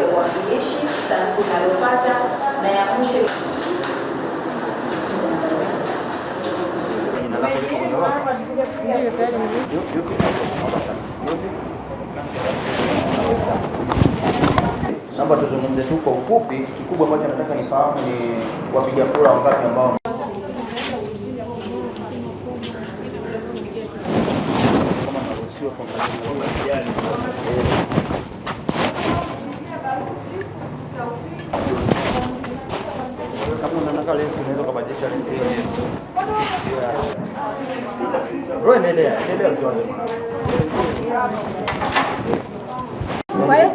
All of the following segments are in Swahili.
ya uwakilishi, sanduku linalofuata na ya mwisho. Naomba tuzungumze tu kwa ufupi. Kikubwa ambacho nataka nifahamu ni wapiga kura wangapi ambao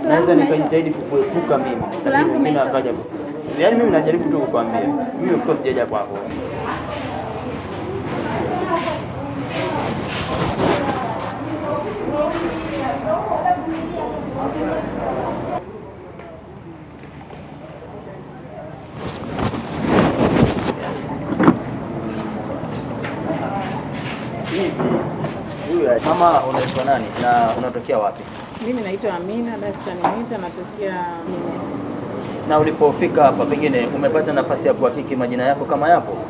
naweza nikajitahidi kukuepuka mimi, yaani mimi najaribu tu kukwambia mimi of course sijaja kwako. Mama, unaitwa nani na unatokea wapi? Mimi naitwa Amina Dastan Mwita, natokea Na ulipofika hapa, pengine umepata nafasi ya kuhakiki majina yako kama yapo?